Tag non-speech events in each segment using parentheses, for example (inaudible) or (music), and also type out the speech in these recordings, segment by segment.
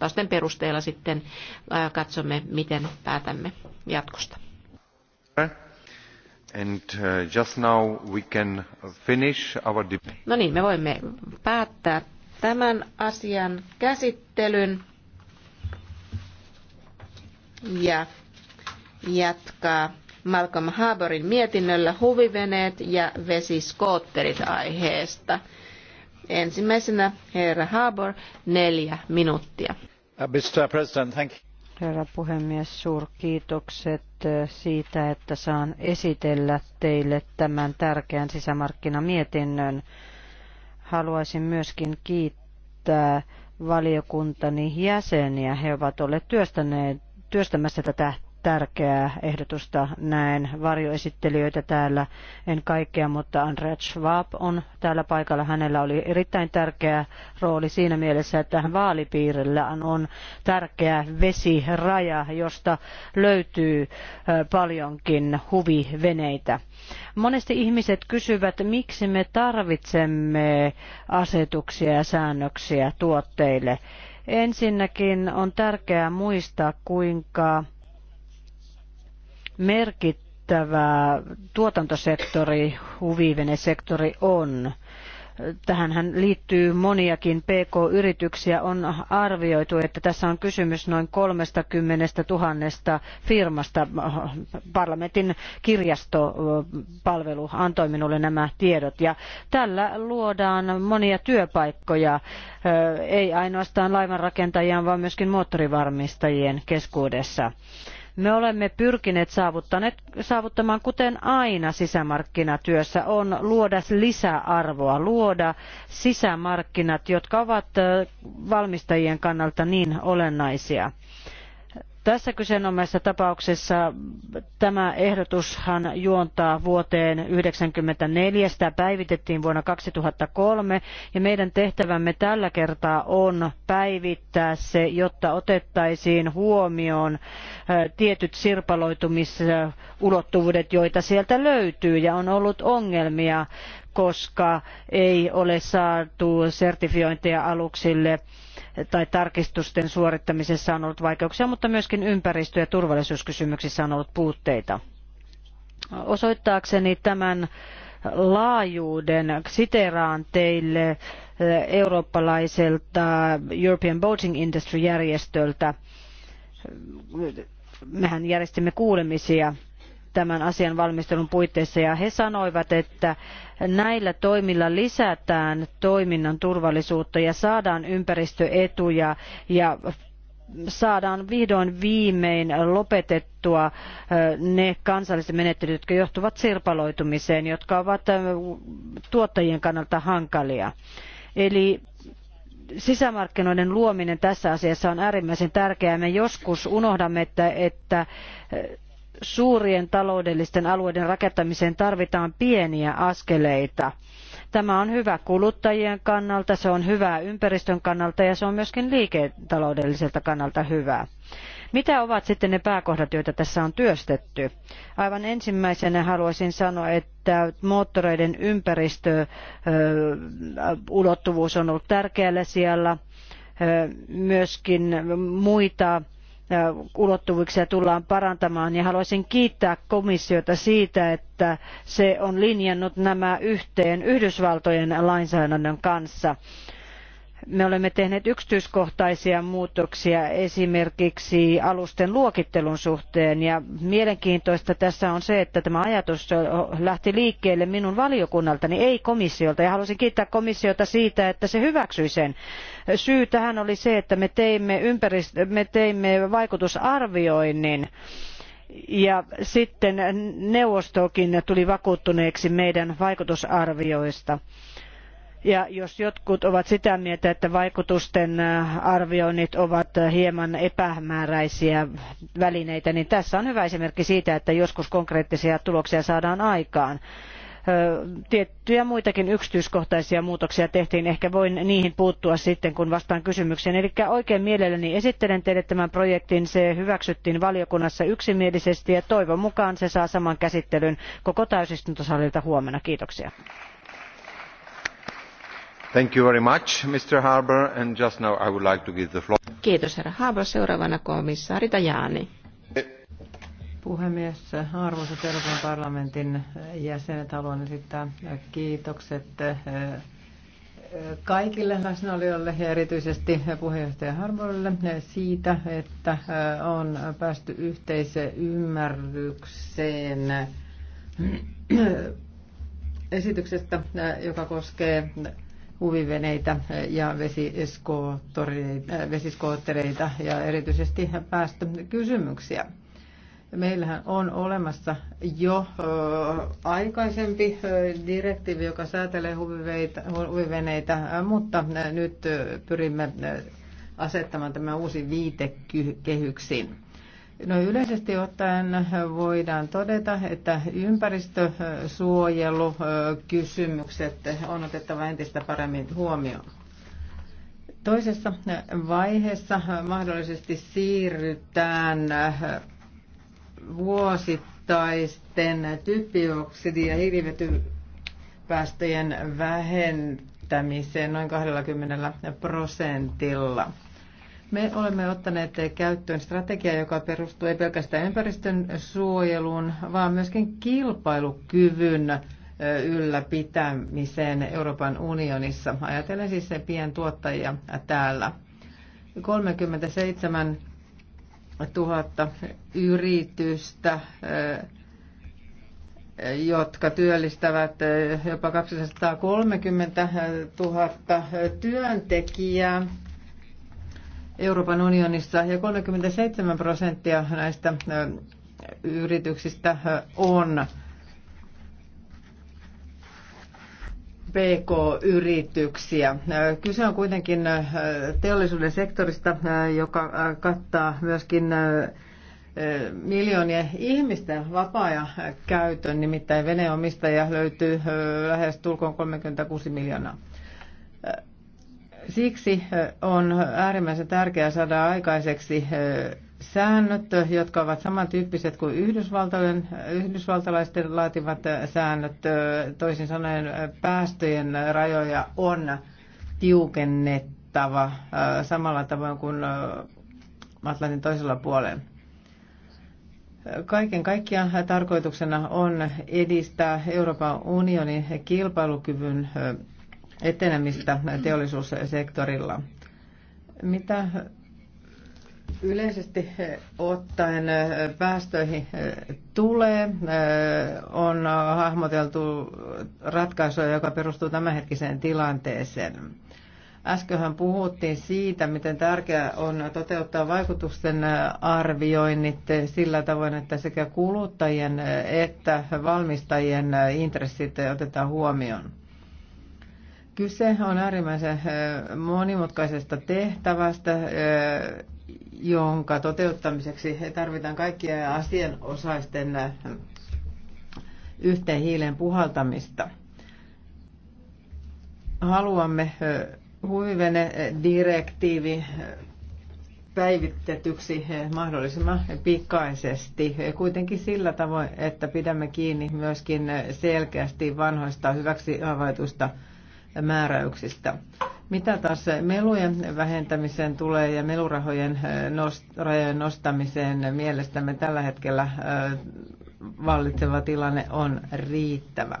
vastausten perusteella sitten äh, katsomme, miten päätämme jatkosta. And uh, just now we can finish our No niin, me voimme päättää tämän asian käsittelyn ja jatkaa Malcolm Harbourin mietinnöllä huviveneet ja vesiskootterit aiheesta. Ensimmäisenä herra Harbour, neljä minuuttia. Uh, Mr. President, thank you. Herra puhemies, suurkiitokset uh, siitä, että saan esitellä teille tämän tärkeän sisämarkkinamietinnön. Haluaisin myöskin kiittää valiokuntani jäseniä. He ovat olleet työstäneet, työstämässä tätä tärkeää ehdotusta. Näen varjoesittelijöitä täällä, en kaikkea, mutta Andrea Schwab on täällä paikalla. Hänellä oli erittäin tärkeä rooli siinä mielessä, että hän vaalipiirillä on tärkeä vesiraja, josta löytyy paljonkin huviveneitä. Monesti ihmiset kysyvät, miksi me tarvitsemme asetuksia ja säännöksiä tuotteille. Ensinnäkin on tärkeää muistaa, kuinka merkittävä tuotantosektori huvivenesektori on. Tähän liittyy moniakin PK-yrityksiä. On arvioitu, että tässä on kysymys noin 30 000 firmasta. Parlamentin kirjastopalvelu antoi minulle nämä tiedot. Ja tällä luodaan monia työpaikkoja, ei ainoastaan laivanrakentajien, vaan myöskin moottorivarmistajien keskuudessa. Me olemme pyrkineet saavuttamaan, kuten aina sisämarkkinatyössä, on luoda lisäarvoa, luoda sisämarkkinat, jotka ovat valmistajien kannalta niin olennaisia. Tässä kyseenomaisessa tapauksessa tämä ehdotushan juontaa vuoteen 1994, sitä päivitettiin vuonna 2003 ja meidän tehtävämme tällä kertaa on päivittää se, jotta otettaisiin huomioon tietyt sirpaloitumisulottuvuudet, joita sieltä löytyy ja on ollut ongelmia, koska ei ole saatu sertifiointeja aluksille tai tarkistusten suorittamisessa on ollut vaikeuksia, mutta myöskin ympäristö- ja turvallisuuskysymyksissä on ollut puutteita. Osoittaakseni tämän laajuuden siteraan teille eh, eurooppalaiselta European Boating Industry-järjestöltä. Eh, mehän järjestimme kuulemisia tämän asian valmistelun puitteissa ja he sanoivat, että näillä toimilla lisätään toiminnan turvallisuutta ja saadaan ympäristöetuja ja saadaan vihdoin viimein lopetettua ne kansalliset menettelyt, jotka johtuvat sirpaloitumiseen, jotka ovat tuottajien kannalta hankalia. Eli sisämarkkinoiden luominen tässä asiassa on äärimmäisen tärkeää. Me joskus unohdamme, että, että suurien taloudellisten alueiden rakentamiseen tarvitaan pieniä askeleita. Tämä on hyvä kuluttajien kannalta, se on hyvä ympäristön kannalta ja se on myöskin liiketaloudelliselta kannalta hyvä. Mitä ovat sitten ne pääkohdat, joita tässä on työstetty? Aivan ensimmäisenä haluaisin sanoa, että moottoreiden ympäristöulottuvuus on ollut tärkeällä siellä. Myöskin muita ulottuvuuksia tullaan parantamaan ja haluaisin kiittää komissiota siitä, että se on linjannut nämä yhteen Yhdysvaltojen lainsäädännön kanssa. Me olemme tehneet yksityiskohtaisia muutoksia esimerkiksi alusten luokittelun suhteen ja mielenkiintoista tässä on se, että tämä ajatus lähti liikkeelle minun valiokunnaltani, ei komissiolta. Ja haluaisin kiittää komissiota siitä, että se hyväksyi sen. Syy tähän oli se, että me teimme, ympärist- me teimme vaikutusarvioinnin ja sitten neuvostokin tuli vakuuttuneeksi meidän vaikutusarvioista. Ja jos jotkut ovat sitä mieltä, että vaikutusten äh, arvioinnit ovat äh, hieman epämääräisiä välineitä, niin tässä on hyvä esimerkki siitä, että joskus konkreettisia tuloksia saadaan aikaan äh, tiettyjä muitakin yksityiskohtaisia muutoksia tehtiin. Ehkä voin niihin puuttua sitten, kun vastaan kysymykseen. Eli oikein mielelläni esittelen teille tämän projektin. Se hyväksyttiin valiokunnassa yksimielisesti ja toivon mukaan se saa saman käsittelyn koko täysistuntosalilta huomenna. Kiitoksia. Kiitos, herra Harbour. Seuraavana komissaari Tajani. Puhemies, arvoisat Euroopan parlamentin jäsenet, haluan esittää kiitokset eh, kaikille läsnäolijoille ja erityisesti puheenjohtaja Harbourille siitä, että eh, on päästy yhteisymmärrykseen ymmärrykseen eh, esityksestä, joka koskee huviveneitä ja äh, vesiskoottereita ja erityisesti päästökysymyksiä. Meillähän on olemassa jo äh, aikaisempi äh, direktiivi, joka säätelee huviveneitä, mutta nyt pyrimme asettamaan tämä uusi viitekehyksiin. No yleisesti ottaen voidaan todeta, että ympäristösuojelukysymykset on otettava entistä paremmin huomioon. Toisessa vaiheessa mahdollisesti siirrytään vuosittaisten typpioksidi- ja hiilivetypäästöjen vähentämiseen noin 20 prosentilla. Me olemme ottaneet käyttöön strategiaa, joka perustuu ei pelkästään ympäristön suojeluun, vaan myöskin kilpailukyvyn ylläpitämiseen Euroopan unionissa. Ajatellen siis se pientuottajia täällä. 37 000 yritystä, jotka työllistävät jopa 230 000 työntekijää Euroopan unionissa ja 37 prosenttia näistä yrityksistä on PK-yrityksiä. Kyse on kuitenkin teollisuuden sektorista, joka kattaa myöskin miljoonien ihmisten vapaa käytön, nimittäin veneomistajia löytyy lähes tulkoon 36 miljoonaa. Siksi on äärimmäisen tärkeää saada aikaiseksi säännöt, jotka ovat samantyyppiset kuin Yhdysvaltojen, yhdysvaltalaisten laativat säännöt. Toisin sanoen päästöjen rajoja on tiukennettava samalla tavoin kuin Atlantin toisella puolella. Kaiken kaikkiaan tarkoituksena on edistää Euroopan unionin kilpailukyvyn etenemistä teollisuussektorilla. Mitä yleisesti ottaen päästöihin tulee, on hahmoteltu ratkaisuja, joka perustuu tämänhetkiseen tilanteeseen. Äskehän puhuttiin siitä, miten tärkeää on toteuttaa vaikutusten arvioinnit sillä tavoin, että sekä kuluttajien että valmistajien intressit otetaan huomioon. Kyse on äärimmäisen monimutkaisesta tehtävästä, jonka toteuttamiseksi tarvitaan kaikkia asianosaisten yhteen hiilen puhaltamista. Haluamme direktiivi päivitetyksi mahdollisimman pikaisesti, kuitenkin sillä tavoin, että pidämme kiinni myöskin selkeästi vanhoista hyväksi havaituista määräyksistä. Mitä taas melujen vähentämiseen tulee ja melurahojen rajojen nostamiseen, mielestämme tällä hetkellä vallitseva tilanne on riittävä.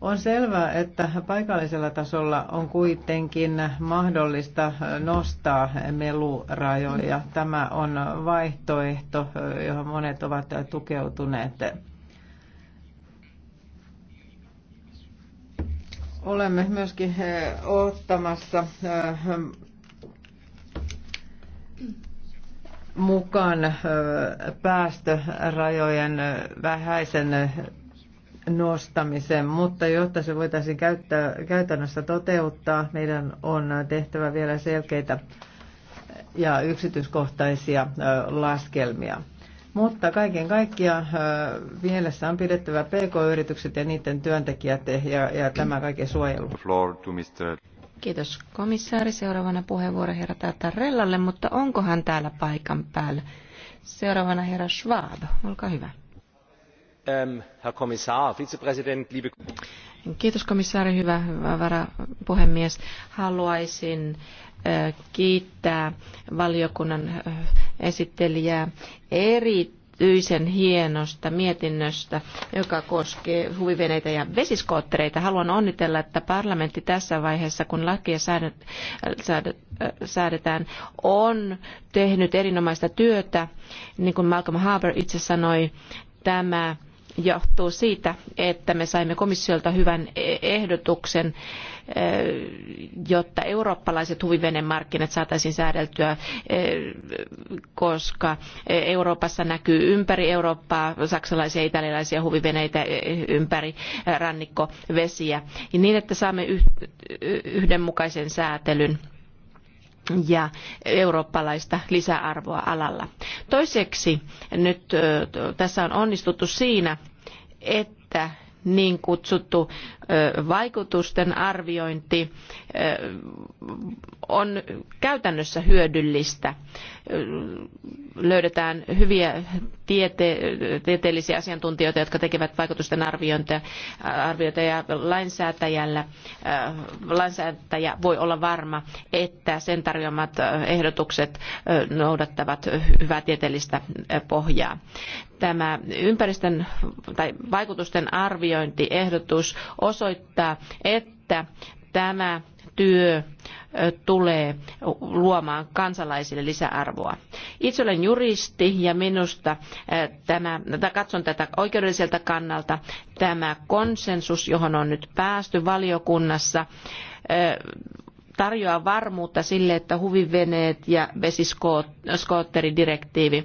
On selvää, että paikallisella tasolla on kuitenkin mahdollista nostaa melurajoja. Tämä on vaihtoehto, johon monet ovat tukeutuneet. Olemme myöskin eh, ottamassa eh, mukaan eh, päästörajojen vähäisen nostamisen, mutta jotta se voitaisiin käyttää, käytännössä toteuttaa, meidän on tehtävä vielä selkeitä ja yksityiskohtaisia laskelmia. Mutta kaiken kaikkiaan mielessä on pidettävä PK-yritykset ja niiden työntekijät ja, ja tämä kaiken suojelu. Kiitos komissaari. Seuraavana puheenvuoro herra Tattarellalle, mutta onko hän täällä paikan päällä? Seuraavana herra Schwab, olkaa hyvä. Ähm, herr Kommissar, Vizepräsident, liebe... Kiitos komissaari, hyvä, hyvä varapuhemies. Haluaisin kiittää valiokunnan esittelijää erityisen hienosta mietinnöstä, joka koskee huviveneitä ja vesiskoottereita. Haluan onnitella, että parlamentti tässä vaiheessa, kun lakia säädetään, on tehnyt erinomaista työtä. Niin kuin Malcolm Harbour itse sanoi, tämä johtuu siitä, että me saimme komissiolta hyvän e- ehdotuksen, e- jotta eurooppalaiset huvivenemarkkinat saataisiin säädeltyä, e- koska Euroopassa näkyy ympäri Eurooppaa saksalaisia ja italialaisia huviveneitä ympäri rannikkovesiä, niin että saamme yhdenmukaisen säätelyn ja eurooppalaista lisäarvoa alalla. Toiseksi nyt tässä on onnistuttu siinä, että niin kutsuttu vaikutusten arviointi on käytännössä hyödyllistä. Löydetään hyviä tiete tieteellisiä asiantuntijoita, jotka tekevät vaikutusten arviointia, arvioita ja lainsäätäjällä, lainsäätäjä voi olla varma, että sen tarjoamat ehdotukset noudattavat hyvää tieteellistä pohjaa tämä ympäristön tai vaikutusten arviointiehdotus osoittaa, että tämä työ tulee luomaan kansalaisille lisäarvoa. Itse olen juristi ja minusta tämä, katson tätä oikeudelliselta kannalta, tämä konsensus, johon on nyt päästy valiokunnassa, tarjoaa varmuutta sille, että huviveneet ja vesiskootteridirektiivi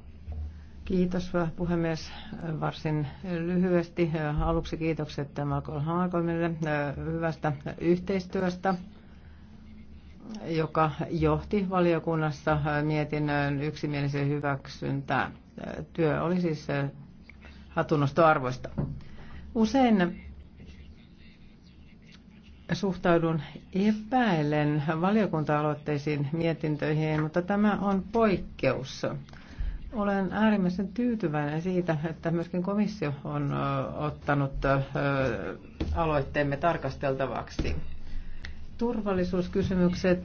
Kiitos puhemies. Varsin lyhyesti aluksi kiitokset Malcolm Haakolmille hyvästä yhteistyöstä, joka johti valiokunnassa mietinnön yksimielisen hyväksyntää. Työ oli siis hatunnostoarvoista. Usein suhtaudun epäilen valiokunta-aloitteisiin mietintöihin, mutta tämä on poikkeus. Olen äärimmäisen tyytyväinen siitä, että myöskin komissio on ottanut aloitteemme tarkasteltavaksi. Turvallisuuskysymykset,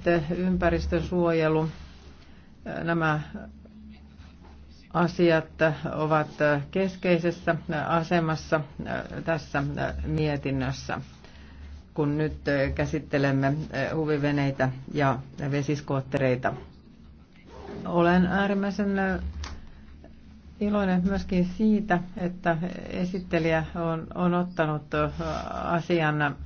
suojelu, nämä asiat ovat keskeisessä asemassa tässä mietinnössä, kun nyt käsittelemme huviveneitä ja vesiskoottereita. Olen äärimmäisen iloinen myöskin siitä, että esittelijä on, on ottanut asian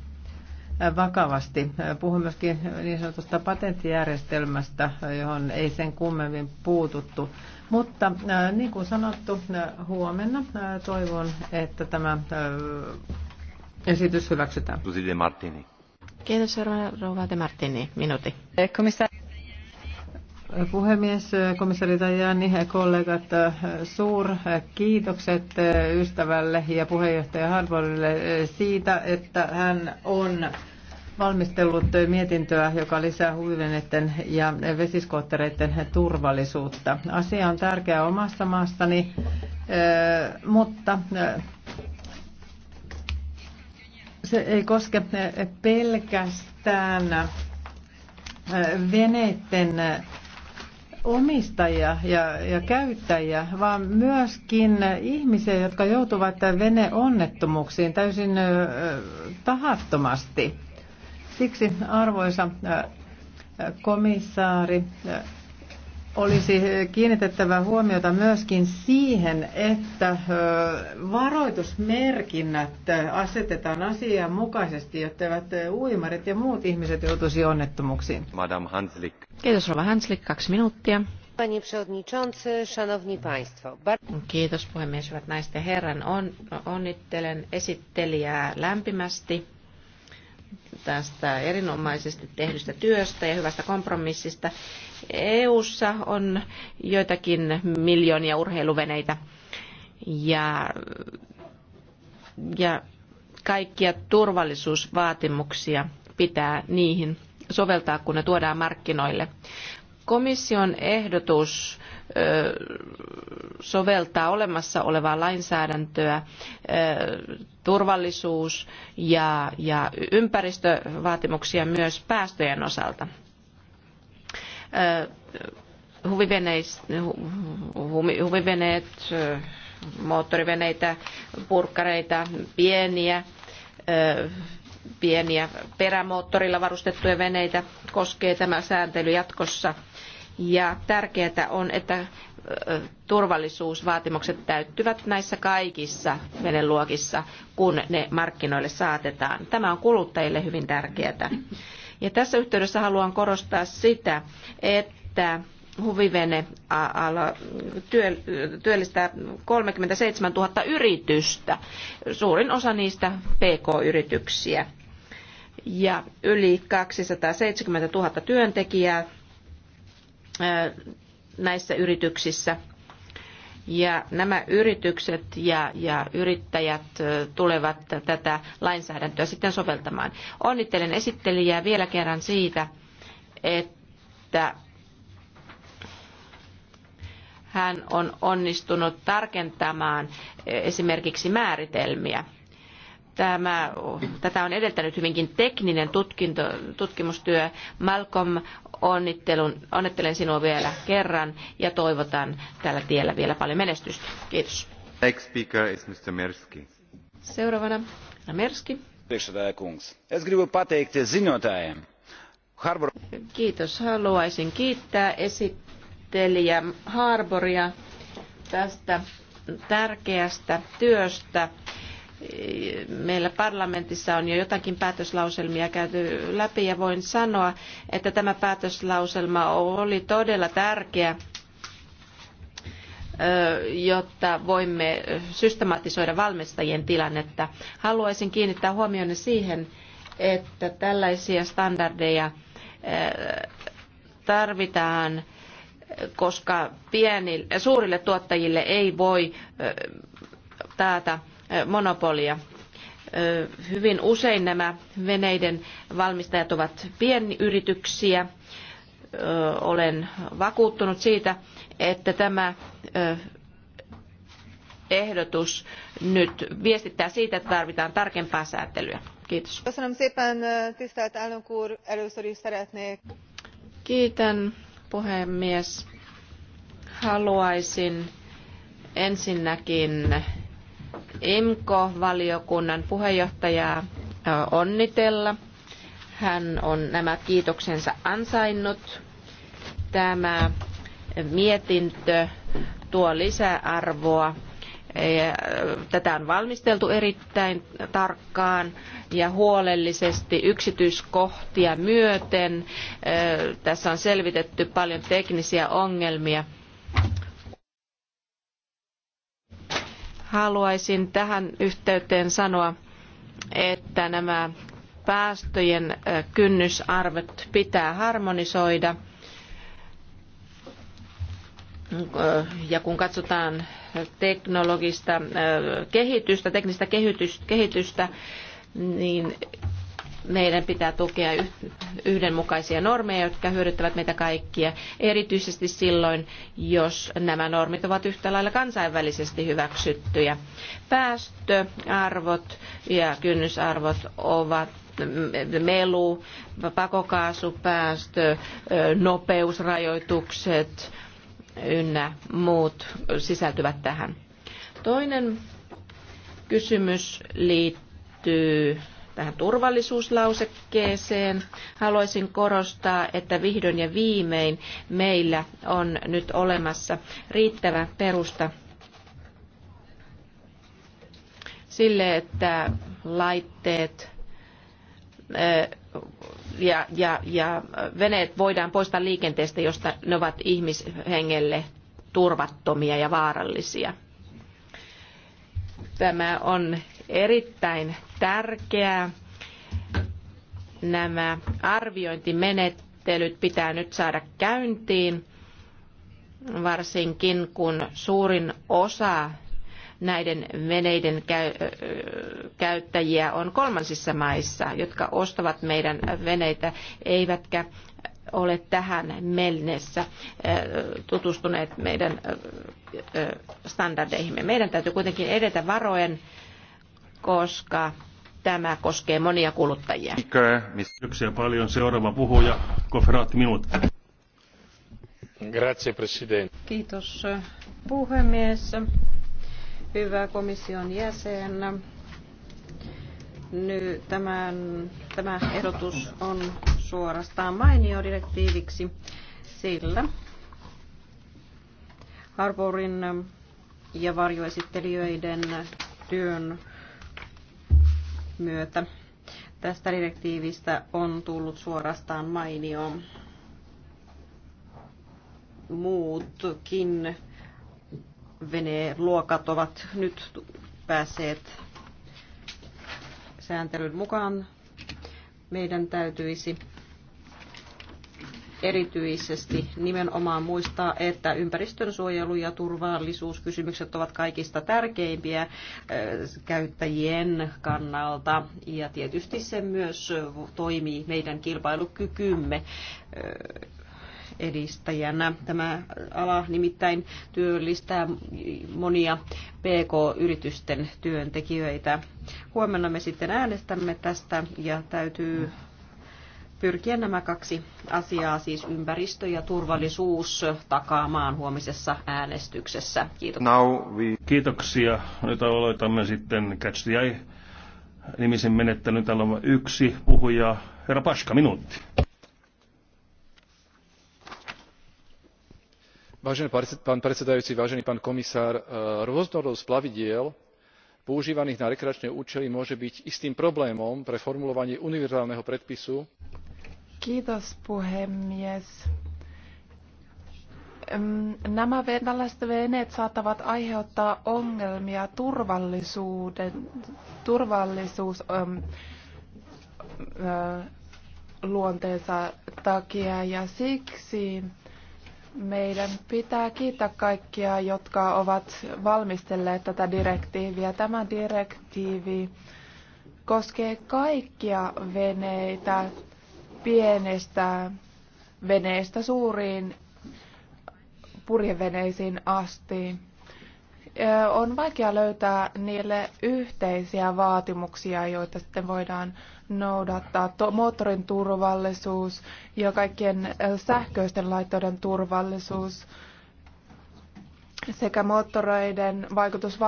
vakavasti. Puhun myöskin niin sanotusta patenttijärjestelmästä, johon ei sen kummemmin puututtu. Mutta niin kuin sanottu, huomenna toivon, että tämä esitys hyväksytään. Martini. Kiitos, rouva de Martini. Minuutti. Eh, Puhemies, komissari Tajani kollegat, suur kiitokset ystävälle ja puheenjohtaja Harborille siitä, että hän on valmistellut mietintöä, joka lisää huviveneiden ja vesiskoottereiden turvallisuutta. Asia on tärkeä omassa maassani, eh, mutta eh, se ei koske pelkästään eh, veneiden omistajia ja, ja käyttäjiä, vaan myöskin ihmisiä, jotka joutuvat veneonnettomuuksiin täysin tahattomasti. Siksi, arvoisa komissaari, olisi kiinnitettävä huomiota myöskin siihen, että varoitusmerkinnät asetetaan asian mukaisesti, eivät uimarit ja muut ihmiset joutuisi onnettomuuksiin. Madame Hanslik. Kiitos Rova Hanslik, kaksi minuuttia. Kiitos puhemies, hyvät naiset ja herran. On, onnittelen esittelijää lämpimästi tästä erinomaisesti tehdystä työstä ja hyvästä kompromissista. EU:ssa on joitakin miljoonia urheiluveneitä ja, ja kaikkia turvallisuusvaatimuksia pitää niihin soveltaa, kun ne tuodaan markkinoille. Komission ehdotus soveltaa olemassa olevaa lainsäädäntöä, turvallisuus ja, ja ympäristövaatimuksia myös päästöjen osalta huviveneet, moottoriveneitä, purkkareita, pieniä, pieniä perämoottorilla varustettuja veneitä koskee tämä sääntely jatkossa. Ja tärkeää on, että turvallisuusvaatimukset täyttyvät näissä kaikissa veneluokissa, kun ne markkinoille saatetaan. Tämä on kuluttajille hyvin tärkeää. Ja tässä yhteydessä haluan korostaa sitä, että huvivene työllistää 37 000 yritystä, suurin osa niistä pk-yrityksiä ja yli 270 000 työntekijää näissä yrityksissä. Ja nämä yritykset ja, ja yrittäjät tulevat tätä lainsäädäntöä sitten soveltamaan. Onnittelen esittelijää vielä kerran siitä, että hän on onnistunut tarkentamaan esimerkiksi määritelmiä. Tämä, tätä on edeltänyt hyvinkin tekninen tutkinto, tutkimustyö. Malcolm Onnittelun, onnittelen sinua vielä kerran ja toivotan tällä tiellä vielä paljon menestystä. Kiitos. Next speaker is Mr. Merski. Seuraavana Merski. Kiitos. Haluaisin kiittää esittelijä Harboria tästä tärkeästä työstä meillä parlamentissa on jo jotakin päätöslauselmia käyty läpi ja voin sanoa, että tämä päätöslauselma oli todella tärkeä jotta voimme systematisoida valmistajien tilannetta. Haluaisin kiinnittää huomionne siihen, että tällaisia standardeja tarvitaan, koska pienille, suurille tuottajille ei voi taata monopolia. Hyvin usein nämä veneiden valmistajat ovat pienyrityksiä. Olen vakuuttunut siitä, että tämä ehdotus nyt viestittää siitä, että tarvitaan tarkempaa säätelyä. Kiitos. Kiitän puhemies. Haluaisin ensinnäkin IMKO-valiokunnan puheenjohtajaa onnitella. Hän on nämä kiitoksensa ansainnut. Tämä mietintö tuo lisäarvoa. Tätä on valmisteltu erittäin tarkkaan ja huolellisesti yksityiskohtia myöten. Tässä on selvitetty paljon teknisiä ongelmia – Haluaisin tähän yhteyteen sanoa, että nämä päästöjen kynnysarvot pitää harmonisoida. Ja kun katsotaan teknologista kehitystä, teknistä kehitystä, niin meidän pitää tukea yhdenmukaisia normeja, jotka hyödyttävät meitä kaikkia, erityisesti silloin, jos nämä normit ovat yhtä lailla kansainvälisesti hyväksyttyjä. Päästöarvot ja kynnysarvot ovat melu, pakokaasupäästö, nopeusrajoitukset ynnä muut sisältyvät tähän. Toinen kysymys liittyy tähän turvallisuuslausekkeeseen. Haluaisin korostaa, että vihdoin ja viimein meillä on nyt olemassa riittävä perusta sille, että laitteet ja, ja, ja veneet voidaan poistaa liikenteestä, josta ne ovat ihmishengelle turvattomia ja vaarallisia. Tämä on erittäin tärkeää. Nämä arviointimenettelyt pitää nyt saada käyntiin, varsinkin kun suurin osa näiden veneiden käyttäjiä on kolmansissa maissa, jotka ostavat meidän veneitä, eivätkä ole tähän mennessä tutustuneet meidän standardeihimme. Meidän täytyy kuitenkin edetä varoen, koska Tämä koskee monia kuluttajia. Kiitoksia paljon. Seuraava puhuja, koferaatti minut. Grazie, presidente. Kiitos puhemies. Hyvä komission jäsen. Nyt tämän, tämä ehdotus on suorastaan mainiodirektiiviksi, sillä Harborin ja varjoesittelijöiden työn myötä. Tästä direktiivistä on tullut suorastaan mainio. Muutkin veneluokat ovat nyt päässeet sääntelyn mukaan. Meidän täytyisi erityisesti nimenomaan muistaa, että ympäristönsuojelu ja turvallisuuskysymykset ovat kaikista tärkeimpiä äh, käyttäjien kannalta. Ja tietysti se myös toimii meidän kilpailukykymme äh, edistäjänä. Tämä ala nimittäin työllistää monia PK-yritysten työntekijöitä. Huomenna me sitten äänestämme tästä ja täytyy pyrkiä nämä kaksi asiaa, siis ympäristö ja turvallisuus, takaamaan huomisessa äänestyksessä. Kiitoksia. Now we... Kiitoksia. Nyt aloitamme sitten Catch the Eye nimisen menettelyn. Täällä on yksi puhuja. Herra Paska, minuutti. Vážený pán predsedajúci, vážený pán komisár, eh, rôznorodosť plavidiel používaných na rekreačné účely môže byť istým problémom pre formulovanie univerzálneho predpisu Kiitos puhemies. Nämä veneet saattavat aiheuttaa ongelmia turvallisuuden, turvallisuus luonteensa takia ja siksi meidän pitää kiittää kaikkia, jotka ovat valmistelleet tätä direktiiviä. Tämä direktiivi koskee kaikkia veneitä pienestä veneestä suuriin purjeveneisiin asti on vaikea löytää niille yhteisiä vaatimuksia, joita sitten voidaan noudattaa. To- moottorin turvallisuus ja kaikkien sähköisten laitteiden turvallisuus sekä moottoreiden vaikutus,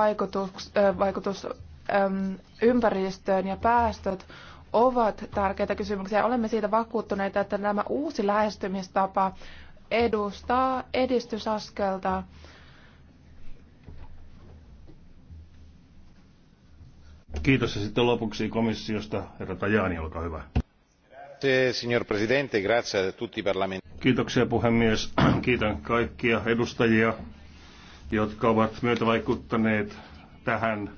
vaikutus, ympäristöön ja päästöt ovat tärkeitä kysymyksiä. Olemme siitä vakuuttuneita, että nämä uusi lähestymistapa edustaa edistysaskelta Kiitos ja sitten lopuksi komissiosta herra Tajani, olkaa hyvä. Kiitoksia puhemies. (clears throat) Kiitän kaikkia edustajia, jotka ovat myötävaikuttaneet tähän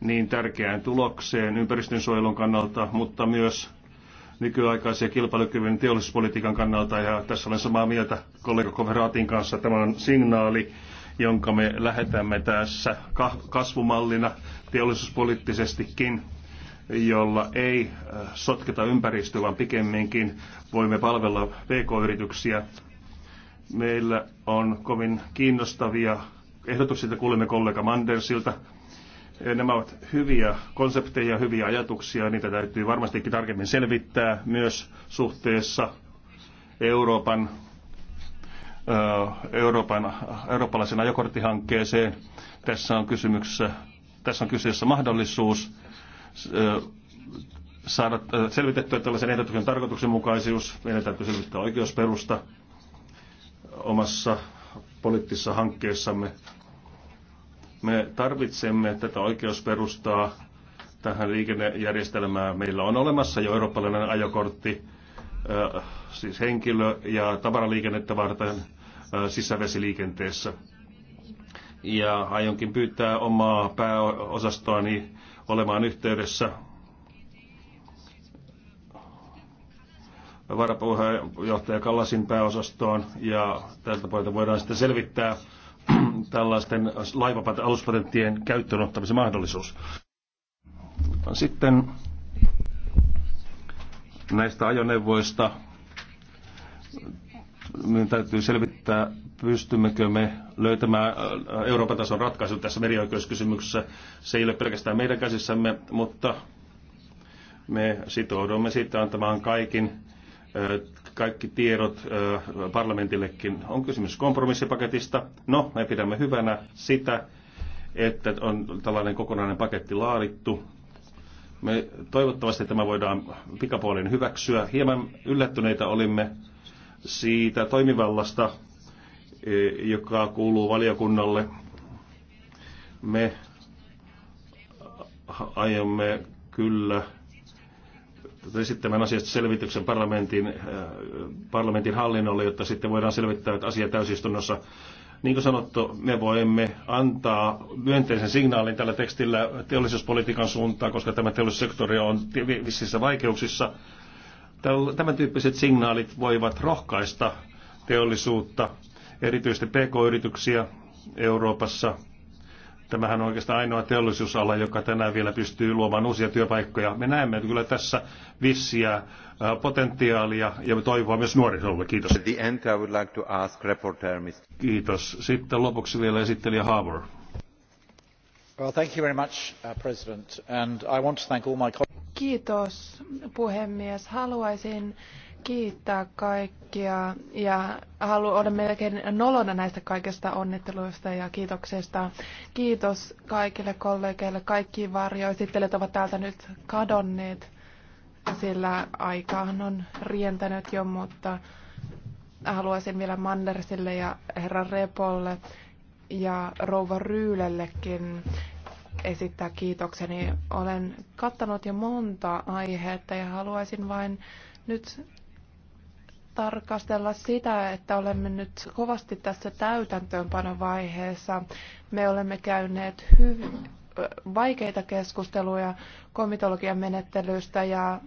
niin tärkeään tulokseen ympäristönsuojelun kannalta, mutta myös nykyaikaisen kilpailukyvyn teollisuuspolitiikan kannalta. Ja tässä olen samaa mieltä kollega Koveraatin kanssa. Tämä on signaali jonka me lähetämme tässä kasvumallina teollisuuspoliittisestikin, jolla ei äh, sotketa ympäristöä, vaan pikemminkin voimme palvella pk-yrityksiä. Meillä on kovin kiinnostavia ehdotuksia, joita kuulemme kollega Mandersilta. Nämä ovat hyviä konsepteja, hyviä ajatuksia, niitä täytyy varmastikin tarkemmin selvittää myös suhteessa Euroopan Euroopan, eurooppalaisen ajokorttihankkeeseen. Tässä on, kysymyksessä, tässä on kyseessä mahdollisuus saada selvitettyä tällaisen ehdotuksen tarkoituksenmukaisuus. Meidän täytyy selvittää oikeusperusta omassa poliittisessa hankkeessamme. Me tarvitsemme tätä oikeusperustaa tähän liikennejärjestelmään. Meillä on olemassa jo eurooppalainen ajokortti, siis henkilö- ja tavaraliikennettä varten sisävesiliikenteessä. Ja aionkin pyytää omaa pääosastoani olemaan yhteydessä varapuheenjohtaja Kallasin pääosastoon ja tältä pohjalta voidaan sitten selvittää (clears throat) tällaisten laivapatenttien käyttöön ottamisen mahdollisuus. Sitten näistä ajoneuvoista minun täytyy selvittää, pystymmekö me löytämään äh, Euroopan tason ratkaisun tässä merioikeuskysymyksessä. Se ei ole pelkästään meidän käsissämme, mutta me sitoudumme sitten antamaan kaikin, äh, kaikki tiedot äh, parlamentillekin. On kysymys kompromissipaketista. No, me pidämme hyvänä sitä, että on tällainen kokonainen paketti laadittu. Me toivottavasti tämä voidaan pikapuolin hyväksyä. Hieman yllättyneitä olimme siitä toimivallasta, e, joka kuuluu valiokunnalle. Me aiomme kyllä esittämään asiasta selvityksen parlamentin, e, parlamentin hallinnolle, jotta sitten voidaan selvittää että asia täysistunnossa. Niin kuin sanottu, me voimme antaa myönteisen signaalin tällä tekstillä teollisuuspolitiikan suuntaan, koska tämä teollisuussektori on vississä vaikeuksissa Tämän tyyppiset signaalit voivat rohkaista teollisuutta, erityisesti pk-yrityksiä Euroopassa. Tämähän on oikeastaan ainoa teollisuusala, joka tänään vielä pystyy luomaan uusia työpaikkoja. Me näemme kyllä tässä vissiä äh, potentiaalia ja toivoa myös nuorisolle. Kiitos. Kiitos. Sitten lopuksi vielä esittelijä Harbour. Well, thank you very much, uh, President, and I want to thank all my colleagues. Kiitos puhemies. Haluaisin kiittää kaikkia ja halu, olla melkein nolona näistä kaikista onnitteluista ja kiitoksesta. Kiitos kaikille kollegeille, kaikki varjoesittelijät ovat täältä nyt kadonneet, sillä aikaan on rientänyt jo, mutta haluaisin vielä Mandersille ja herra Repolle ja rouva Ryylellekin esittää kiitokseni. Olen kattanut jo monta aihetta ja haluaisin vain nyt tarkastella sitä, että olemme nyt kovasti tässä täytäntöönpanovaiheessa. Me olemme käyneet hyv- vaikeita keskusteluja komitologian menettelystä ja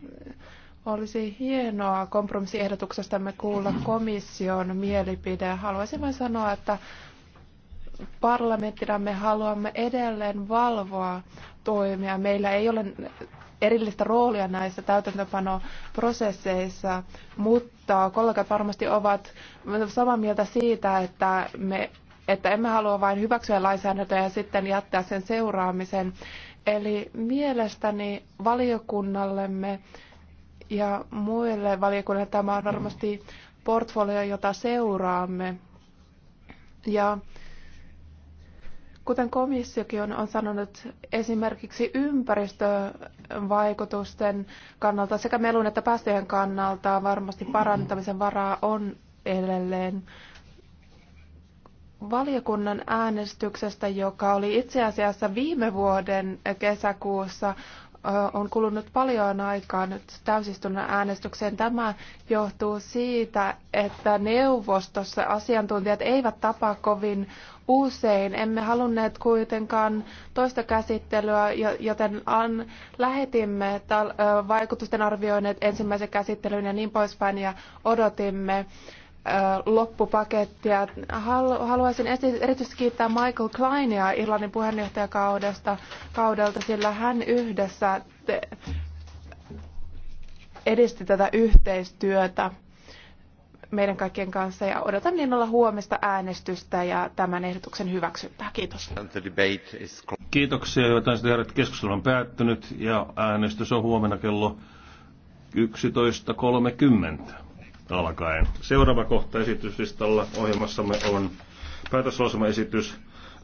olisi hienoa kompromissiehdotuksestamme kuulla komission mielipide. Haluaisin vain sanoa, että parlamenttina me haluamme edelleen valvoa toimia. Meillä ei ole erillistä roolia näissä täytäntöpanoprosesseissa, mutta kollegat varmasti ovat samaa mieltä siitä, että me että emme halua vain hyväksyä lainsäädäntöä ja sitten jättää sen seuraamisen. Eli mielestäni valiokunnallemme ja muille valiokunnille tämä on varmasti portfolio, jota seuraamme. Ja Kuten komissiokin on sanonut, esimerkiksi ympäristövaikutusten kannalta sekä melun että päästöjen kannalta varmasti parantamisen varaa on edelleen. Valiokunnan äänestyksestä, joka oli itse asiassa viime vuoden kesäkuussa, on kulunut paljon aikaa nyt täysistunnon äänestykseen. Tämä johtuu siitä, että neuvostossa asiantuntijat eivät tapaa kovin usein. Emme halunneet kuitenkaan toista käsittelyä, joten an, lähetimme tal- vaikutusten arvioineet ensimmäisen käsittelyn ja niin poispäin ja odotimme loppupakettia. Haluaisin erityisesti kiittää Michael Kleinia Irlannin puheenjohtajakaudesta, kaudelta, sillä hän yhdessä edisti tätä yhteistyötä meidän kaikkien kanssa ja odotan niin olla huomista äänestystä ja tämän ehdotuksen hyväksyntää. Kiitos. Kiitoksia, joten sitten herrat keskustelu on päättynyt ja äänestys on huomenna kello 11.30 alkaen. Seuraava kohta esityslistalla ohjelmassamme on päätöslausumaesitys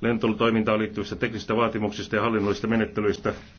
lentolutoimintaan liittyvistä teknisistä vaatimuksista ja hallinnollisista menettelyistä.